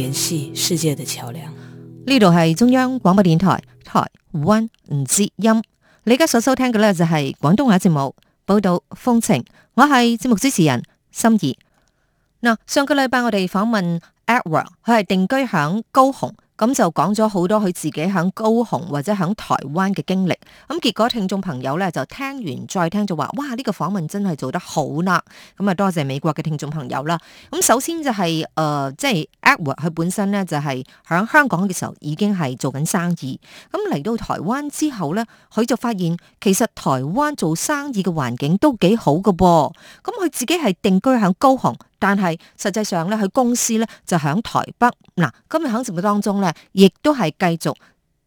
聯繫世界的橋樑，呢度係中央廣播電台台灣之音。你而家所收聽嘅咧就係廣東話節目報道風情，我係節目主持人心儀。嗱，上個禮拜我哋訪問 Edward，佢係定居響高雄。咁就講咗好多佢自己喺高雄或者喺台灣嘅經歷，咁結果聽眾朋友呢就聽完再聽就話：哇！呢、這個訪問真係做得好啦！咁啊，多謝美國嘅聽眾朋友啦。咁首先就係、是、誒，即、呃、係、就是、Edward，佢本身呢就係、是、喺香港嘅時候已經係做緊生意，咁嚟到台灣之後呢，佢就發現其實台灣做生意嘅環境都幾好㗎噃。咁佢自己係定居喺高雄，但係實際上呢，佢公司呢就喺台北。嗱，今日喺直播當中呢。亦都係繼續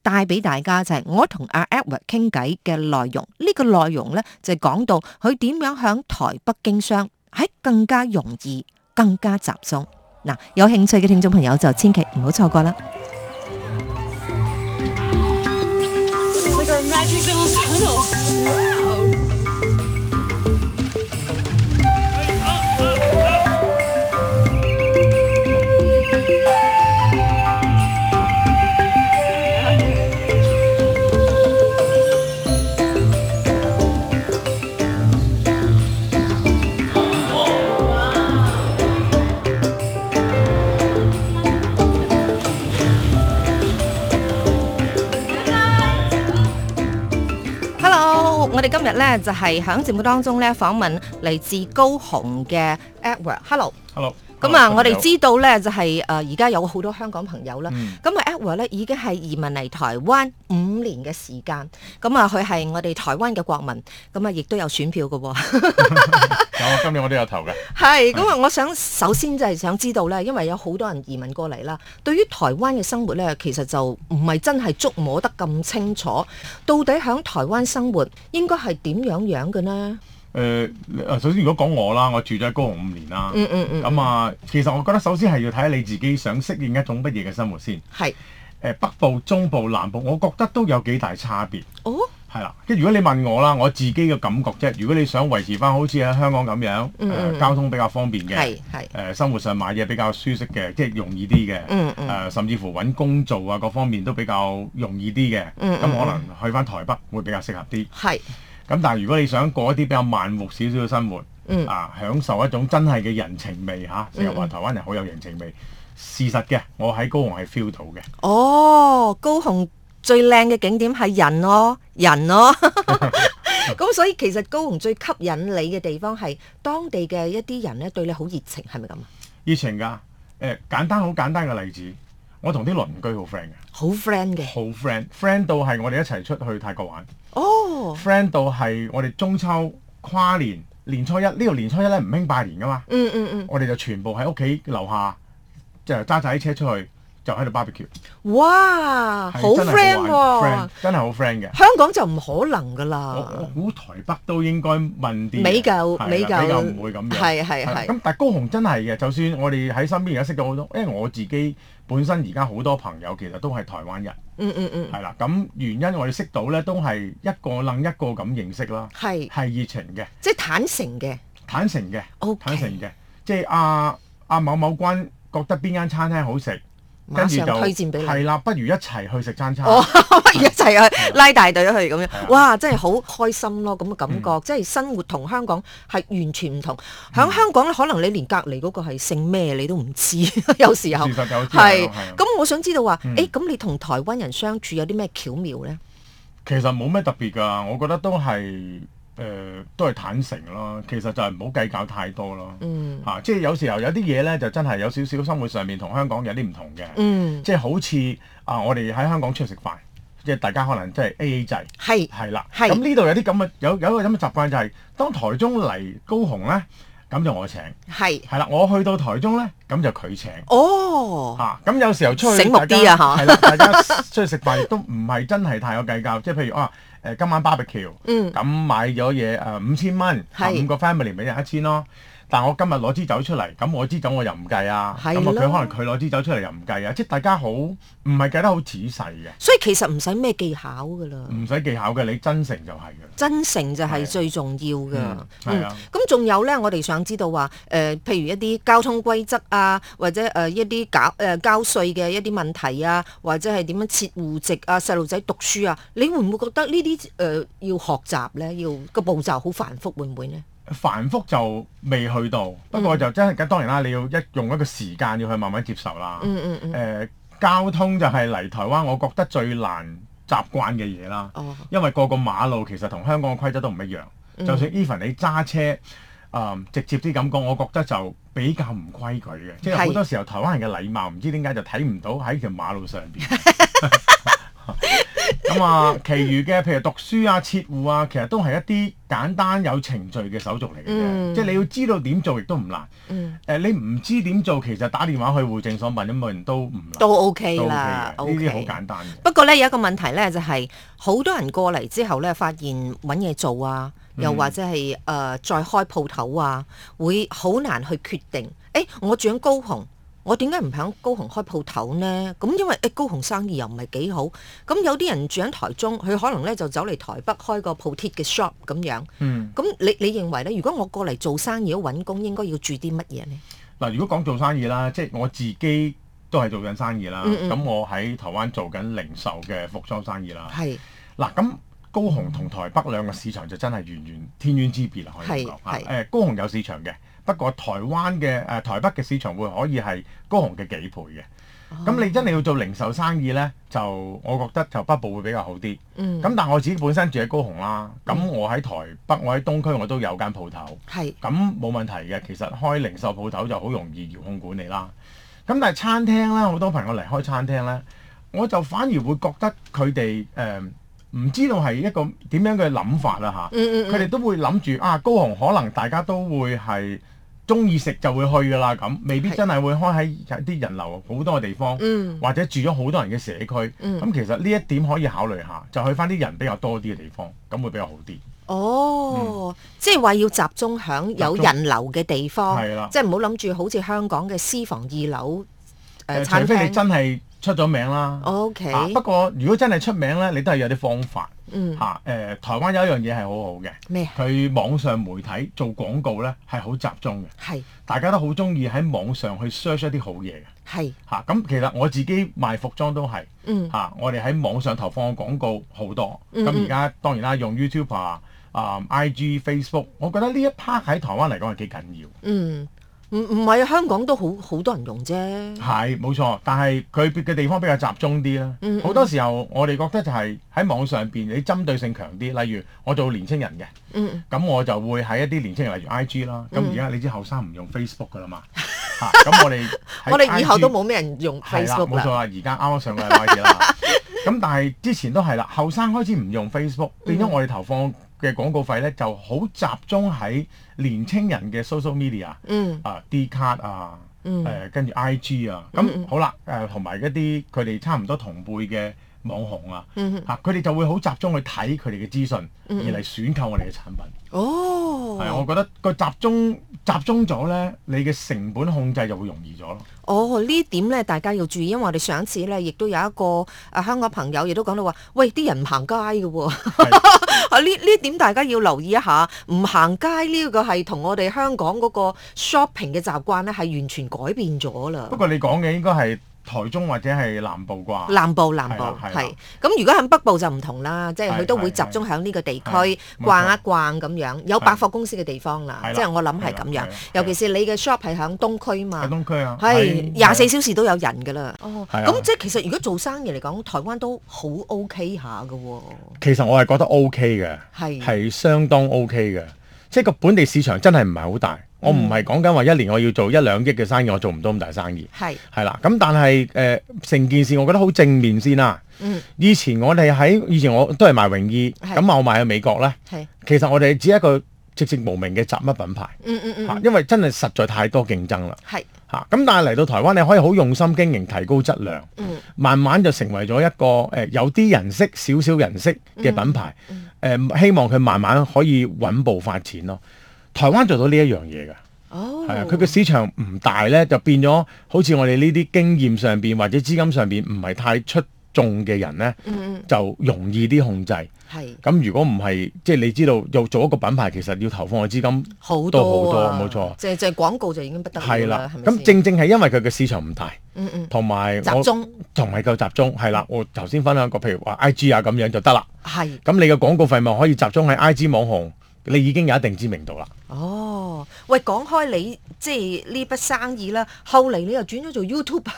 帶俾大家，就係我同阿 Edward 傾偈嘅內容。呢個內容呢，就係講到佢點樣響台北經商，喺更加容易，更加集中。嗱，有興趣嘅聽眾朋友就千祈唔好錯過啦。今日咧就係、是、響節目當中咧訪問嚟自高雄嘅 Edward。Hello。Hello。咁啊，嗯嗯、我哋知道呢，就係誒而家有好多香港朋友啦。咁啊、嗯、Edward 呢已經係移民嚟台灣五年嘅時間。咁啊，佢係我哋台灣嘅國民，咁啊亦都有選票嘅喎、哦。有、 嗯，今日我都有投嘅。係，咁啊，我想、嗯、首先就係想知道呢，因為有好多人移民過嚟啦，對於台灣嘅生活呢，其實就唔係真係捉摸得咁清楚。到底喺台灣生活應該係點樣樣嘅呢？誒、呃，首先如果講我啦，我住咗高雄五年啦。咁啊，其實我覺得首先係要睇下你自己想適應一種乜嘢嘅生活先。係是。誒、呃，北部、中部、南部，我覺得都有幾大差別。哦。係啦，即係如果你問我啦，我自己嘅感覺啫。如果你想維持翻好似喺香港咁樣，誒、 呃、交通比較方便嘅，係係、 呃。生活上買嘢比較舒適嘅，即係容易啲嘅。嗯、 呃、甚至乎揾工做啊，各、那個、方面都比較容易啲嘅。嗯咁 可能去翻台北會比較適合啲。係。 咁但係如果你想過一啲比較慢活少少嘅生活，嗯、啊，享受一種真係嘅人情味嚇，成日話台灣人好有人情味，嗯嗯事實嘅，我喺高雄係 feel 到嘅。哦，高雄最靚嘅景點係人咯、哦，人咯，咁所以其實高雄最吸引你嘅地方係當地嘅一啲人咧對你好熱情，係咪咁啊？熱情㗎，誒、呃、簡單好簡單嘅例子。我同啲鄰居 friend 好 friend 嘅，好 friend 嘅，好 friend，friend 到係我哋一齊出去泰國玩，oh，friend 哦到係我哋中秋跨年年初一呢度年初一咧唔興拜年噶嘛，mm mm mm. 我哋就全部喺屋企樓下就揸曬啲車出去。就喺度 barbecue，哇，好 friend 喎，真係好 friend 嘅。香港就唔可能噶啦。我我估台北都應該問啲比較比較唔會咁樣。係係係。咁但高雄真係嘅，就算我哋喺身邊而家識咗好多，因為我自己本身而家好多朋友其實都係台灣人。嗯嗯嗯。係啦，咁原因我哋識到咧都係一個楞一個咁認識啦。係係熱情嘅，即係坦誠嘅，坦誠嘅，坦誠嘅，即係阿阿某某君覺得邊間餐廳好食。馬上推薦畀你。係啦、 啊，不如一齊去食餐餐，不如、哦、 一齊去、啊、拉大隊去咁樣，啊、哇！真係好開心咯，咁嘅感覺，嗯、即係生活同香港係完全唔同。喺、嗯、香港可能你連隔離嗰個係姓咩你都唔知， 有時候其實有係。咁我想知道話，誒、欸、咁你同台灣人相處有啲咩巧妙咧？其實冇咩特別㗎，我覺得都係。誒、呃、都係坦誠咯，其實就係唔好計較太多咯。嗯，嚇、啊，即係有時候有啲嘢咧，就真係有少少生活上面同香港有啲唔同嘅。嗯，即係好似啊、呃，我哋喺香港出去食飯，即係大家可能即係 A A 制，係係是啦。咁呢度有啲咁嘅有有一個咁嘅習慣，就係當台中嚟高雄咧，咁就我請，係係啦，我去到台中咧，咁就佢請。哦，嚇、啊！咁有時候出去醒目啲啊，嚇家！係啦， 大家出去食飯都唔係真係太有計較，即係譬如啊，誒、呃、今晚 barbecue，咁、嗯、買咗嘢誒五千蚊，五、呃是啊、個 family 每人一千咯。但我今日攞支酒出嚟，咁我支酒我又唔計啊。咁佢、啊、可能佢攞支酒出嚟又唔計啊。即係大家好，唔係計得好仔細嘅。所以其實唔使咩技巧噶啦。唔使技巧嘅，你真誠就係噶啦。真誠就係最重要噶。係啊。咁、嗯、仲、啊嗯、有咧，我哋想知道話，誒、呃，譬如一啲交通規則啊，或者誒、呃、一啲、呃、搞誒交稅嘅一啲問題啊，或者係點樣設戶籍啊、細路仔讀書啊，你會唔會覺得呢啲誒要學習咧？要個步驟好繁複，會唔會呢？繁複就未去到，不過就真係咁當然啦，你要一用一個時間要去慢慢接受啦、嗯。嗯嗯嗯。誒、呃，交通就係嚟台灣，我覺得最難習慣嘅嘢啦。哦、因為個個馬路其實同香港嘅規則都唔一樣。嗯、就算 even 你揸車，啊、呃，直接啲咁講，我覺得就比較唔規矩嘅，即係好多時候台灣人嘅禮貌，唔知點解就睇唔到喺條馬路上邊。 咁啊， 其餘嘅譬如讀書啊、切戶啊，其實都係一啲簡單有程序嘅手續嚟嘅。嗯、即係你要知道點做，亦都唔難。誒、嗯呃，你唔知點做，其實打電話去戶政所問一問都唔難，都，都，都 OK 啦，呢啲好簡單，不過呢，有一個問題呢，就係、是、好多人過嚟之後呢，發現揾嘢做啊，又或者係誒、嗯呃、再開鋪頭啊，會好難去決定。誒、欸，我轉高雄。我點解唔喺高雄開鋪頭呢？咁因為誒、欸、高雄生意又唔係幾好。咁有啲人住喺台中，佢可能咧就走嚟台北開個鋪鐵嘅 shop 咁樣。嗯。咁你你認為咧？如果我過嚟做生意、揾工，應該要注意啲乜嘢呢？嗱，如果講做生意啦，即、就、係、是、我自己都係做緊生意啦。咁、嗯嗯、我喺台灣做緊零售嘅服裝生意啦。係是。嗱咁。高雄同台北兩個市場就真係完全天淵之別啊！可以講嚇，誒高雄有市場嘅，不過台灣嘅誒台北嘅市場會可以係高雄嘅幾倍嘅。咁、哦、你真係要做零售生意咧，就我覺得就北部會比較好啲。咁、嗯、但係我自己本身住喺高雄啦，咁我喺台北，嗯、我喺東區我都有間鋪頭，咁冇、嗯、問題嘅。其實開零售鋪頭就好容易遙控管理啦。咁但係餐廳咧，好多朋友嚟開餐廳咧，我就反而會覺得佢哋誒。呃呃唔知道係一個點樣嘅諗法啦嚇，佢哋、嗯嗯嗯、都會諗住啊高雄可能大家都會係鍾意食就會去㗎喇咁，未必真係會開喺啲人流好多嘅地方，的或者住咗好多人嘅社區。咁、嗯、其實呢一點可以考慮下，就去返啲人比較多啲嘅地方，咁會比較好啲。哦，嗯、即係話要集中喺有人流嘅地方，即係唔好諗住好似香港嘅私房二樓誒、呃呃、廳除非你真係。出咗名啦，OK、啊。不過如果真係出名咧，你都係有啲方法。嗯。嚇、啊，誒、呃，台灣有一樣嘢係好好嘅。咩麼？佢網上媒體做廣告咧係好集中嘅。係是。大家都好中意喺網上去 search 一啲好嘢嘅。係是。嚇、啊，咁其實我自己賣服裝都係。嗯。嚇、啊，我哋喺網上投放嘅廣告好多。咁而家當然啦，用 YouTube 啊、啊、啊 IG、Facebook，我覺得呢一 part 喺台灣嚟講係幾緊要。嗯。唔唔係啊，香港都好好多人用啫。係冇錯，但係佢嘅地方比較集中啲啦。好、嗯嗯、多時候我哋覺得就係喺網上邊，你針對性強啲。例如我做年青人嘅，咁、嗯、我就會喺一啲年青人，例如 I G 啦、嗯。咁而家你知後生唔用 Facebook 噶啦嘛？嚇、 啊！咁我哋 我哋以後都冇咩人用 Facebook 啦。冇錯啊，而家啱啱上個禮拜啦。咁 但係之前都係啦，後生開始唔用 Facebook，變咗我哋投放。嘅廣告費咧就好集中喺年青人嘅 social media，啊 D 卡啊，誒、啊嗯呃、跟住 IG 啊，咁、嗯嗯、好啦，誒同埋一啲佢哋差唔多同輩嘅。網紅啊，嗯哼，佢哋就會好集中去睇佢哋嘅資訊，嗯嗯，而嚟選購我哋嘅產品。哦，係啊，我覺得個集中集中咗呢，你嘅成本控制就會容易咗咯。哦，呢點呢，大家要注意，因為我哋上一次呢，亦都有一個啊香港朋友亦都講到話，喂啲人唔行街嘅喎、哦。呢呢是 點，大家要留意一下，唔行街呢個係同我哋香港嗰個 shopping 嘅習慣呢，係完全改變咗啦。不過你講嘅應該係。台中或者係南部啩，南部南部係。咁、啊啊、如果喺北部就唔同啦，即係佢都會集中喺呢個地區、啊啊、逛一逛咁樣，有百貨公司嘅地方啦。啊、即係我諗係咁樣，啊啊、尤其是你嘅 shop 係喺東區嘛。喺、啊、東區啊，係廿四小時都有人㗎啦。啊、哦，咁即係其實如果做生意嚟講，台灣都好 OK 下㗎喎。其實我係覺得 OK 嘅，係、啊、相當 OK 嘅，即係個本地市場真係唔係好大。我唔係講緊話一年我要做一兩億嘅生意，我做唔到咁大生意。係係啦，咁但係誒成件事，我覺得好正面先啦。嗯以，以前我哋喺以前我都係賣泳衣，咁是我賣去美國咧。係是其實我哋只係一個籍籍無名嘅雜物品牌。嗯嗯嗯。因為真係實在太多競爭啦。係嚇是，咁、嗯、但係嚟到台灣你可以好用心經營，提高質量。嗯、慢慢就成為咗一個誒、呃、有啲人識少，少少人識嘅品牌。誒、嗯，嗯、希望佢慢慢可以穩步發展咯。台灣做到呢一樣嘢噶，係啊，佢個市場唔大呢，就變咗好似我哋呢啲經驗上邊或者資金上邊唔係太出眾嘅人呢，就容易啲控制。咁，如果唔係，即係你知道，又做一個品牌，其實要投放嘅資金好多好多，冇錯。即係廣告就已經不得啦。係啦，咁正正係因為佢嘅市場唔大，同埋集中，仲係夠集中，係啦。我頭先分享過，譬如話 I G 啊咁樣就得啦。係咁，你嘅廣告費咪可以集中喺 I G 網紅。你已經有一定知名度啦。哦，喂，講開你即係呢筆生意啦，後嚟你又轉咗做 YouTuber。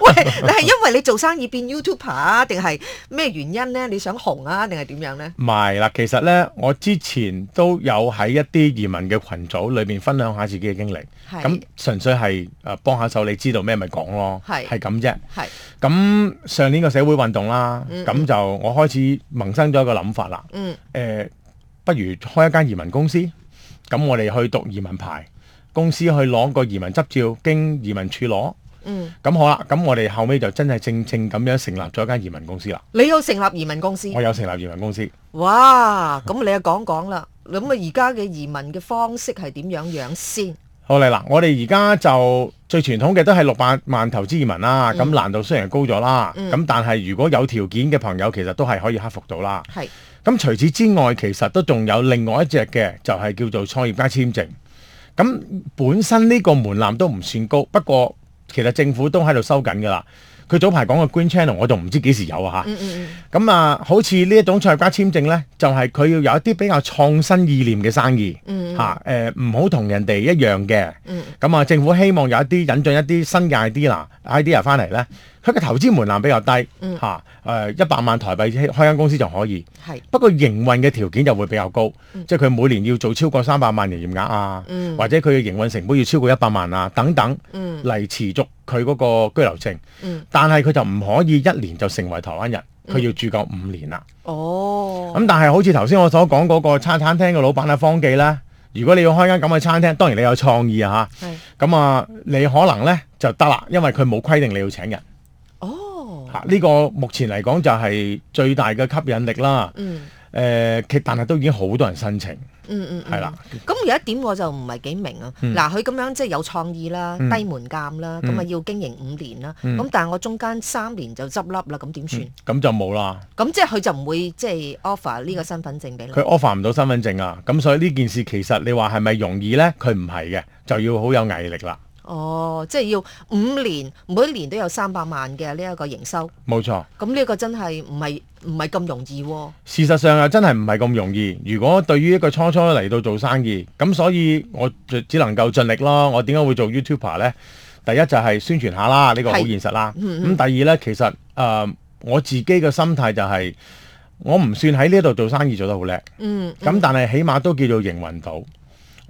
喂， 你係因為你做生意變 YouTuber 啊，定係咩原因呢？你想紅啊，定係點樣呢？唔係啦，其實呢，我之前都有喺一啲移民嘅群組裏面分享下自己嘅經歷。咁是純粹係誒幫下手，你知道咩咪講咯。係係咁啫。係咁是上年個社會運動啦，咁、嗯、就我開始萌生咗一個諗法啦。嗯。誒、嗯。不如開一間移民公司，咁我哋去讀移民牌，公司去攞個移民執照，經移民處攞，咁、嗯、好啦。咁我哋後尾就真係正正咁樣成立咗一間移民公司啦。你有成立移民公司？我有成立移民公司。哇！咁你又講講啦。咁啊，而家嘅移民嘅方式係點樣樣先？好嚟啦，我哋而家就最傳統嘅都係六百萬投資移民啦。咁、嗯、難度雖然高咗啦，咁、嗯、但係如果有條件嘅朋友，其實都係可以克服到啦。係。咁除此之外，其實都仲有另外一隻嘅，就係、是、叫做創業家簽證。咁本身呢個門檻都唔算高，不過其實政府都喺度收緊噶啦。佢早排講嘅 Green Channel，我仲唔知幾時有啊嚇。咁、mm hmm. 啊，好似呢一種創業家簽證呢，就係、是、佢要有一啲比較創新意念嘅生意嚇。誒、mm，唔好同人哋一樣嘅。咁、mm hmm. 啊，政府希望有一啲引進一啲新嘅 idea，idea 翻嚟呢。佢嘅投資門檻比較低，嚇，誒一百萬台幣開間公司就可以。係，不過營運嘅條件就會比較高，即係佢每年要做超過三百萬營業額啊，或者佢嘅營運成本要超過一百萬啊等等嚟持續佢嗰個居留證。但係佢就唔可以一年就成為台灣人，佢要住夠五年啦。哦，咁但係好似頭先我所講嗰個餐餐廳嘅老闆阿方記呢，如果你要開間咁嘅餐廳，當然你有創意啊嚇。咁啊，你可能呢就得啦，因為佢冇規定你要請人。呢、啊這個目前嚟講就係最大嘅吸引力啦。嗯。誒、呃，其但係都已經好多人申請。嗯嗯，嗯。係啦。咁有一點我就唔係幾明啊。嗱、嗯，佢咁樣即係有創意啦，嗯、低門檻啦，咁啊、嗯、要經營五年啦。咁但係我中間三年就執笠、嗯嗯、啦，咁點算？咁就冇啦。咁即係佢就唔會即係 offer 呢個身份證俾你。佢 offer 唔到身份證啊！咁、嗯嗯嗯、所以呢件事其實你話係咪容易咧？佢唔係嘅，就要好有毅力啦。哦，即係要五年，每一年都有三百萬嘅呢一個營收。冇錯。咁呢一個真係唔係唔係咁容易、哦。事實上又真係唔係咁容易。如果對於一個初初嚟到做生意，咁所以我只能夠盡力咯。我點解會做 YouTuber 呢？第一就係宣傳下啦，呢、這個好現實啦。咁、嗯嗯嗯、第二呢，其實誒、呃、我自己嘅心態就係、是、我唔算喺呢度做生意做得好叻、嗯。嗯。咁但係起碼都叫做營運到。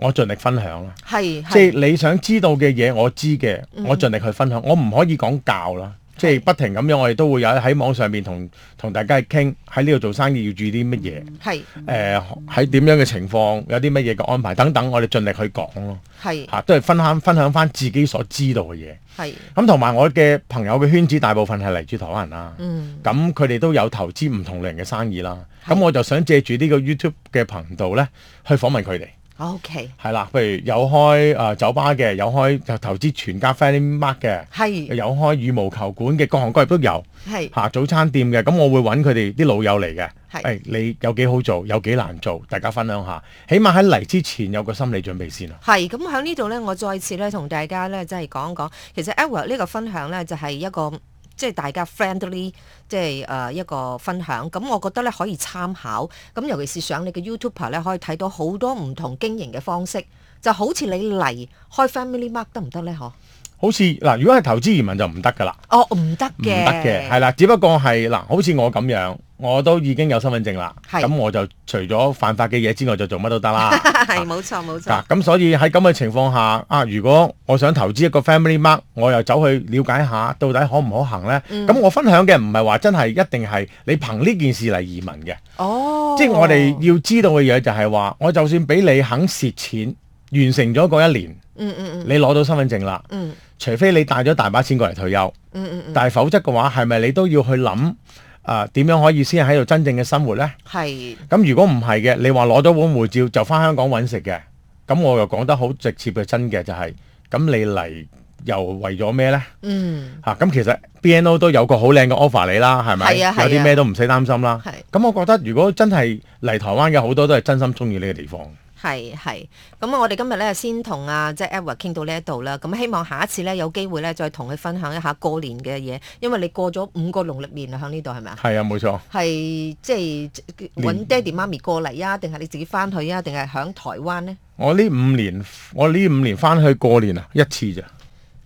我盡力分享啦，即係你想知道嘅嘢，我知嘅，我盡力去分享。嗯、我唔可以講教啦，是即係不停咁樣，我哋都會有喺網上面同同大家去傾，喺呢度做生意要注意啲乜嘢？係誒是，呃、喺點樣嘅情況，有啲乜嘢嘅安排等等，我哋盡力去講咯。係嚇是、啊，都係分享分享翻自己所知道嘅嘢。係咁，同埋我嘅朋友嘅圈子，大部分係嚟自台灣人啦。嗯，咁佢哋都有投資唔同類型嘅生意啦。咁是我就想借住呢個 YouTube 嘅頻道咧，去訪問佢哋。O.K. 係啦，譬如有開誒、呃、酒吧嘅，有開就投資全家 FamilyMart 嘅，係是有開羽毛球館嘅，各行各業都有，係嚇是、啊、早餐店嘅。咁我會揾佢哋啲老友嚟嘅。係是、哎、你有幾好做，有幾難做，大家分享下。起碼喺嚟之前有個心理準備先啦。係咁喺呢度呢，我再次呢同大家呢，即係講一講，其實 Edward 呢個分享呢，就係、是、一個。即係大家 friendly，即係誒、呃、一個分享。咁我覺得咧可以參考。咁尤其是上你嘅 YouTube 咧，可以睇到好多唔同經營嘅方式。就好似你嚟開 Family Mart 得唔得咧？嗬，好似嗱，如果係投資移民就唔得噶啦。哦，唔得嘅，唔得嘅，係啦。只不過係嗱，好似我咁樣。我都已經有身份證啦，咁是我就除咗犯法嘅嘢之外，就做乜都得啦。係冇錯冇錯。咁、啊啊、所以喺咁嘅情況下，啊，如果我想投資一個 family mark，我又走去了解下，到底可唔可行呢？咁、嗯、我分享嘅唔係話真係一定係你憑呢件事嚟移民嘅。哦，即係我哋要知道嘅嘢就係話，我就算俾你肯蝕錢，完成咗嗰一年，嗯嗯嗯、你攞到身份證啦，嗯、除非你帶咗大把錢過嚟退休，嗯、但係否則嘅話，係咪你都要去諗？啊，點樣可以先喺度真正嘅生活呢？係咁是，如果唔係嘅，你話攞咗本護照就翻香港揾食嘅，咁我又講得好直接嘅、真嘅，就係咁你嚟又為咗咩呢？」嗯，嚇咁、啊、其實 BNO 都有個好靚嘅 offer 你啦，係咪？啊啊、有啲咩都唔使擔心啦。係咁、啊，啊、我覺得如果真係嚟台灣嘅好多都係真心中意呢個地方。係係，咁、嗯、我哋今日咧先同啊，即係 Edward 傾到呢一度啦。咁希望下一次咧有機會咧再同佢分享一下過年嘅嘢，因為你過咗五個農曆年啊，響呢度係咪啊？係啊，冇錯。係即係揾爹地媽咪過嚟啊，定係你自己翻去啊，定係響台灣呢？我呢五年，我呢五年翻去過年啊，一次咋。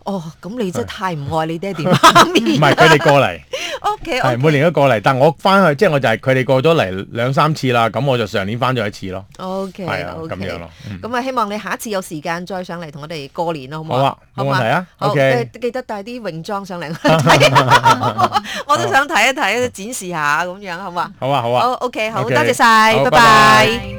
哦，咁你真係太唔愛你爹哋媽咪。唔係，佢哋過嚟。O K，係每年都過嚟，但我翻去即係我就係佢哋過咗嚟兩三次啦。咁我就上年翻咗一次咯。O K，O K，咁樣咯。咁啊，希望你下一次有時間再上嚟同我哋過年，好唔好好啊？好啊，問題啊。O K，記得帶啲泳裝上嚟，我都想睇一睇，展示下咁樣，好嘛？好啊，好啊。O K，好，多謝晒，拜拜。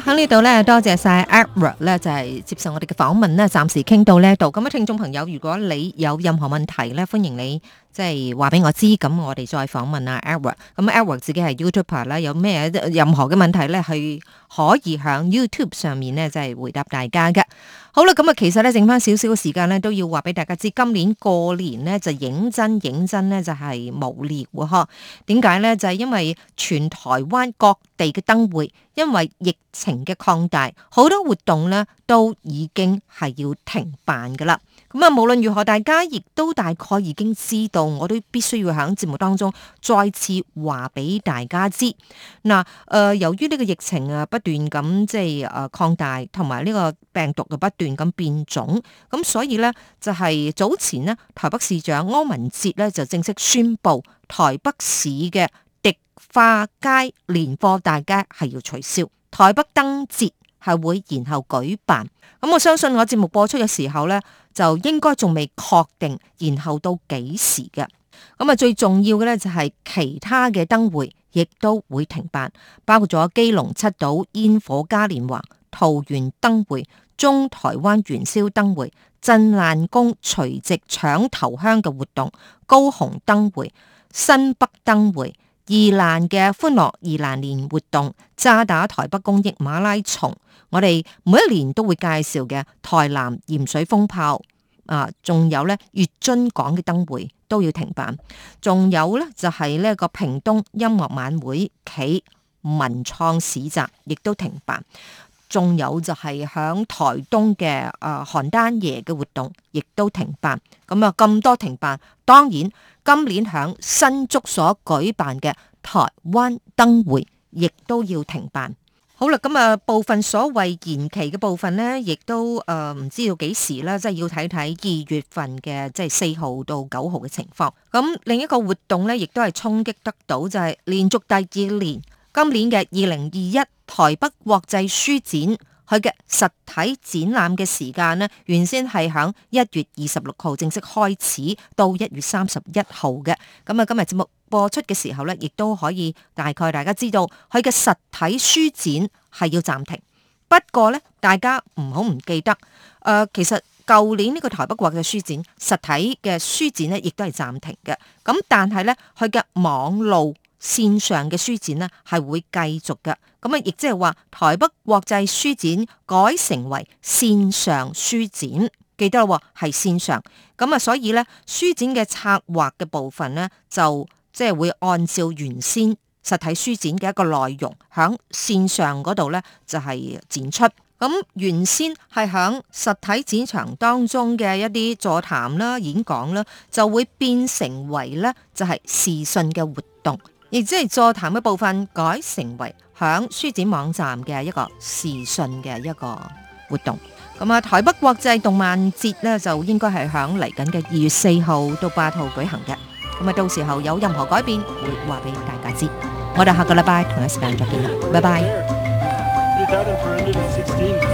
喺呢度咧，多謝晒 Edward 咧，就係、是、接受我哋嘅訪問咧，暫時傾到呢度。咁啊，聽眾朋友，如果你有任何問題咧，歡迎你。即係話俾我知，咁我哋再訪問啊 Edward。咁 Edward 自己係 YouTuber 啦，有咩任何嘅問題咧，係可以響 YouTube 上面咧，就係回答大家嘅。好啦，咁啊，其實咧，剩翻少少嘅時間咧，都要話俾大家知，今年過年咧就認真認真咧，就係無聊。點解咧？就係因為全台灣各地嘅燈會，因為疫情嘅擴大，好多活動咧都已經係要停辦噶啦。咁啊，無論如何，大家亦都大概已經知道，我都必須要響節目當中再次話俾大家知。嗱，誒，由於呢個疫情啊不斷咁即係誒擴大，同埋呢個病毒嘅不斷咁變種，咁所以咧就係、是、早前呢台北市長柯文哲咧就正式宣布，台北市嘅迪化街、年貨大街係要取消，台北燈節係會延後舉辦。咁、嗯、我相信我節目播出嘅時候咧。就應該仲未確定，然後到幾時嘅？咁啊，最重要嘅咧就係其他嘅燈會亦都會停辦，包括咗基隆七堵煙火嘉年華、桃園燈會、中台灣元宵燈會、鎮瀾宮除夕搶頭香嘅活動、高雄燈會、新北燈會。宜蘭嘅歡樂宜蘭年活動、渣打台北公益馬拉松，我哋每一年都會介紹嘅台南鹽水蜂炮啊，仲有咧月津港嘅燈會都要停辦，仲有咧就係、是、呢個屏東音樂晚會暨文創市集，亦都停辦。仲有就係響台東嘅誒、呃、寒單爺嘅活動，亦都停辦。咁啊咁多停辦，當然今年響新竹所舉辦嘅台灣燈會，亦都要停辦。好啦，咁、嗯、啊部分所謂延期嘅部分呢，亦都誒唔、呃、知道幾時啦，即、就、係、是、要睇睇二月份嘅即係四號到九號嘅情況。咁、嗯、另一個活動呢，亦都係衝擊得到，就係、是、連續第二年。今年嘅二零二一台北國際書展，佢嘅實體展覽嘅時間呢，原先係響一月二十六號正式開始，到一月三十一號嘅。咁啊，今日節目播出嘅時候呢，亦都可以大概大家知道，佢嘅實體書展係要暫停。不過呢，大家唔好唔記得，誒、呃，其實舊年呢個台北國際書展實體嘅書展呢，亦都係暫停嘅。咁但係呢，佢嘅網路。線上嘅書展呢係會繼續嘅，咁啊，亦即係話台北國際書展改成為線上書展，記得啦，係線上。咁啊，所以呢，書展嘅策劃嘅部分呢，就即係會按照原先實體書展嘅一個內容喺線上嗰度呢，就係、是、展出，咁原先係喺實體展場當中嘅一啲座談啦、演講啦，就會變成為呢，就係、是、視訊嘅活動。亦即係座談嘅部分改成為響書展網站嘅一個視訊嘅一個活動。咁啊，台北國際動漫節呢，就應該係響嚟緊嘅二月四號到八號舉行嘅。咁啊，到時候有任何改變，會話俾大家知。我哋下個禮拜同一時間再見啦，拜拜。